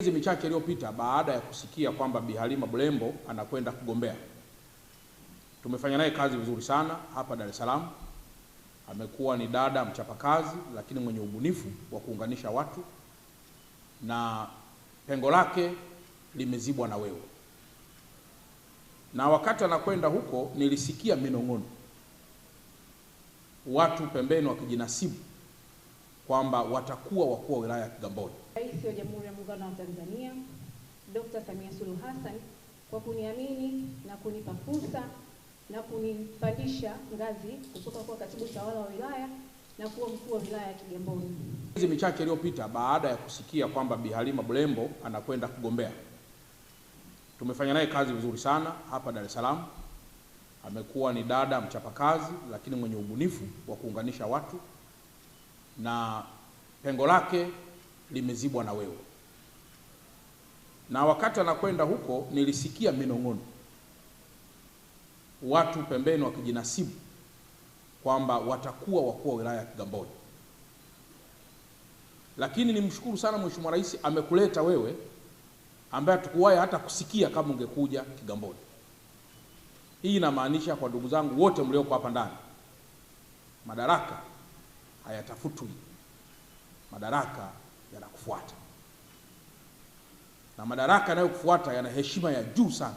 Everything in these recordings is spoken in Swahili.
Miezi michache iliyopita baada ya kusikia kwamba Bi Halima Bulembo anakwenda kugombea, tumefanya naye kazi vizuri sana hapa Dar es Salaam. Amekuwa ni dada mchapakazi, lakini mwenye ubunifu wa kuunganisha watu, na pengo lake limezibwa na wewe. Na wakati anakwenda huko, nilisikia minong'ono, watu pembeni wakijinasibu kwamba watakuwa wakuu wa wilaya ya Kigamboni. Rais wa Jamhuri ya Muungano wa Tanzania Dr. Samia Suluhu Hassan kwa kuniamini na kunipa fursa na kunipandisha ngazi kutoka kuwa katibu tawala wa wilaya na kuwa mkuu wa wilaya ya Kigamboni. Miezi michache iliyopita, baada ya kusikia kwamba Bi Halima Bulembo anakwenda kugombea, tumefanya naye kazi vizuri sana hapa Dar es Salaam. Amekuwa ni dada mchapakazi, lakini mwenye ubunifu wa kuunganisha watu na pengo lake limezibwa na wewe. Na wakati anakwenda huko, nilisikia minong'ono, watu pembeni wakijinasibu kwamba watakuwa wakuu wa wilaya ya Kigamboni, lakini nimshukuru sana Mheshimiwa Rais amekuleta wewe ambaye hatukuwahi hata kusikia kama ungekuja Kigamboni. Hii inamaanisha kwa ndugu zangu wote mlioko hapa ndani, madaraka hayatafutwi, madaraka yanakufuata, na madaraka yanayokufuata yana heshima ya juu sana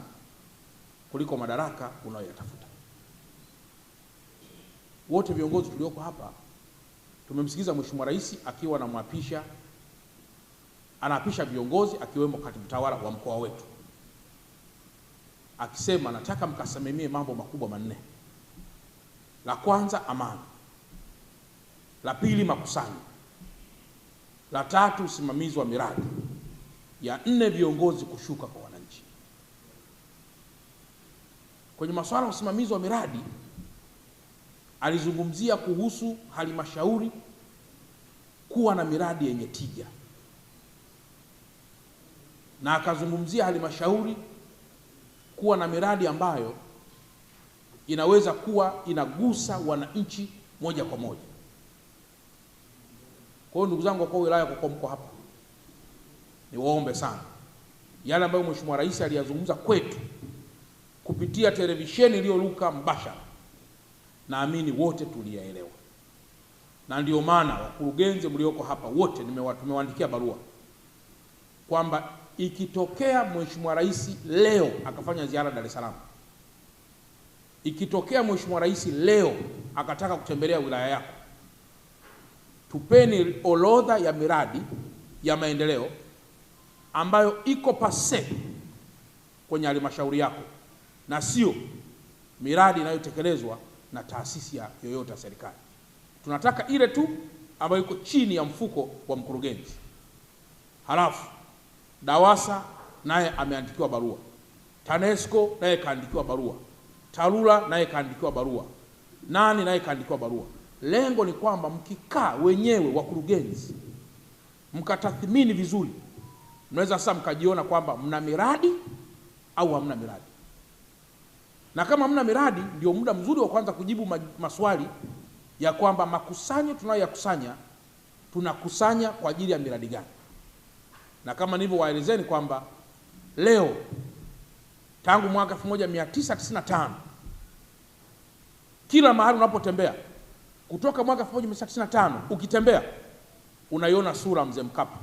kuliko madaraka unayoyatafuta. Wote viongozi tulioko hapa tumemsikiza Mheshimiwa Rais akiwa anamwapisha, anaapisha viongozi akiwemo katibu tawala wa mkoa wetu, akisema nataka mkasimamie mambo makubwa manne. La kwanza amani, la pili makusanyo la tatu usimamizi wa miradi, ya nne viongozi kushuka kwa wananchi. Kwenye masuala ya usimamizi wa miradi alizungumzia kuhusu halmashauri kuwa na miradi yenye tija na akazungumzia halmashauri kuwa na miradi ambayo inaweza kuwa inagusa wananchi moja kwa moja. Kwa hiyo ndugu zangu kwa wilaya, kwa mko hapa, niwaombe sana yale ambayo Mheshimiwa Rais aliyazungumza kwetu kupitia televisheni iliyoruka mbashara, naamini wote tuliyaelewa, na ndio maana wakurugenzi mlioko hapa wote tumewaandikia barua kwamba ikitokea Mheshimiwa Rais leo akafanya ziara Dar es Salaam, ikitokea Mheshimiwa Rais leo akataka kutembelea wilaya yako tupeni orodha ya miradi ya maendeleo ambayo iko pase kwenye halmashauri yako na sio miradi inayotekelezwa na taasisi ya yoyote ya serikali. Tunataka ile tu ambayo iko chini ya mfuko wa mkurugenzi. Halafu DAWASA naye ameandikiwa barua, TANESCO naye kaandikiwa barua, TARURA naye kaandikiwa barua, nani naye kaandikiwa barua. Lengo ni kwamba mkikaa wenyewe wakurugenzi, mkatathmini vizuri, mnaweza sasa mkajiona kwamba mna miradi au hamna miradi. Na kama hamna miradi, ndio muda mzuri wa kwanza kujibu maswali ya kwamba makusanyo tunayoyakusanya tunakusanya kwa ajili ya miradi gani. Na kama nilivyowaelezeni kwamba leo tangu mwaka 1995 kila mahali unapotembea kutoka mwaka 1995 ukitembea unaiona sura mzee Mkapa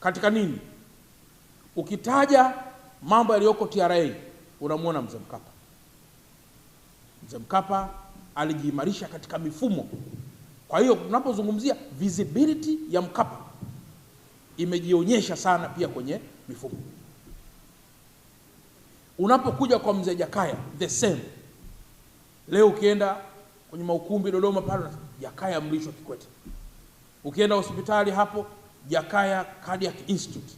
katika nini? Ukitaja mambo yaliyoko TRA unamwona mzee Mkapa. Mzee Mkapa alijiimarisha katika mifumo. Kwa hiyo tunapozungumzia visibility ya Mkapa imejionyesha sana pia kwenye mifumo. Unapokuja kwa mzee Jakaya the same. Leo ukienda kwenye maukumbi Dodoma pale, Jakaya Mlisho Kikwete. Ukienda hospitali hapo Jakaya Cardiac Institute,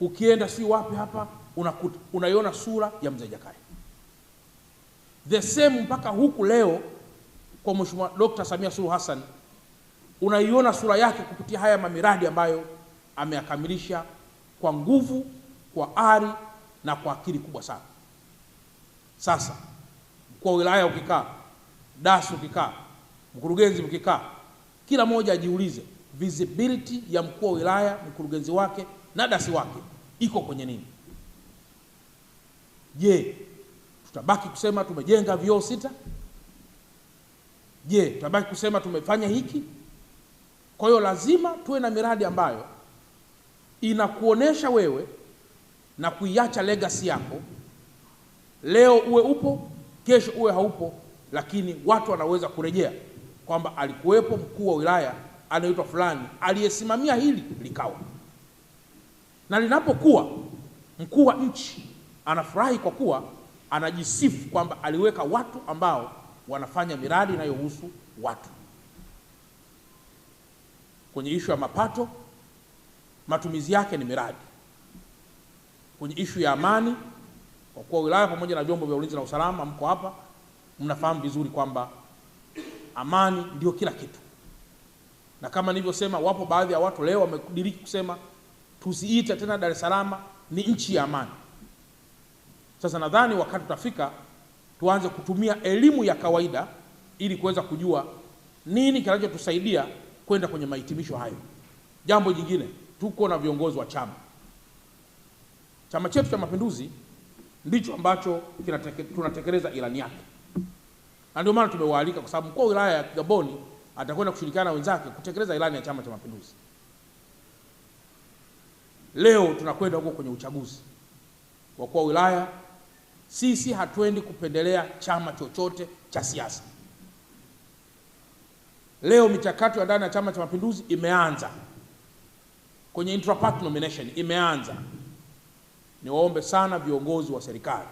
ukienda si wapi hapa unakuta unaiona sura ya mzee Jakaya the same mpaka huku leo kwa Mheshimiwa Dr. Samia Suluhu Hassan unaiona sura yake kupitia haya mamiradi ambayo ameyakamilisha kwa nguvu, kwa ari na kwa akili kubwa sana. Sasa kwa wilaya ukikaa dashu ukikaa, mkurugenzi mkikaa, kila mmoja ajiulize visibility ya mkuu wa wilaya, mkurugenzi wake na dasi wake iko kwenye nini? Je, tutabaki kusema tumejenga vyoo sita? Je, tutabaki kusema tumefanya hiki? Kwa hiyo lazima tuwe na miradi ambayo inakuonesha wewe na kuiacha legacy yako. Leo uwe upo, kesho uwe haupo, lakini watu wanaweza kurejea kwamba alikuwepo mkuu wa wilaya anaitwa fulani aliyesimamia hili likawa. Na linapokuwa mkuu wa nchi anafurahi kwa kuwa anajisifu kwamba aliweka watu ambao wanafanya miradi inayohusu watu. Kwenye ishu ya mapato, matumizi yake ni miradi. Kwenye ishu ya amani, kwa kuwa wilaya pamoja na vyombo vya ulinzi na usalama mko hapa mnafahamu vizuri kwamba amani ndio kila kitu, na kama nilivyosema, wapo baadhi ya watu leo wamediriki kusema tusiite tena Dar es Salaam ni nchi ya amani. Sasa nadhani wakati utafika tuanze kutumia elimu ya kawaida ili kuweza kujua nini kinachotusaidia kwenda kwenye mahitimisho hayo. Jambo jingine, tuko na viongozi wa chama. Chama chetu cha Mapinduzi ndicho ambacho tunatekeleza ilani yake na ndio maana tumewaalika kwa sababu mkuu wa wilaya ya Kigamboni atakwenda kushirikiana wenzake kutekeleza ilani ya Chama cha Mapinduzi. Leo tunakwenda huko kwenye uchaguzi. wa kuwa wilaya, sisi hatuendi kupendelea chama chochote cha siasa. Leo michakato ya ndani ya Chama cha Mapinduzi imeanza kwenye intra-party nomination imeanza. Niwaombe sana viongozi wa serikali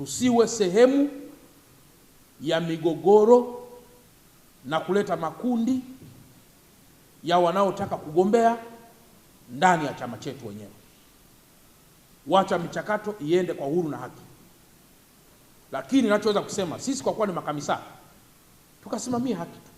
tusiwe sehemu ya migogoro na kuleta makundi ya wanaotaka kugombea ndani ya chama chetu wenyewe. Wacha michakato iende kwa uhuru na haki, lakini ninachoweza kusema sisi, kwa kuwa ni makamisa, tukasimamia haki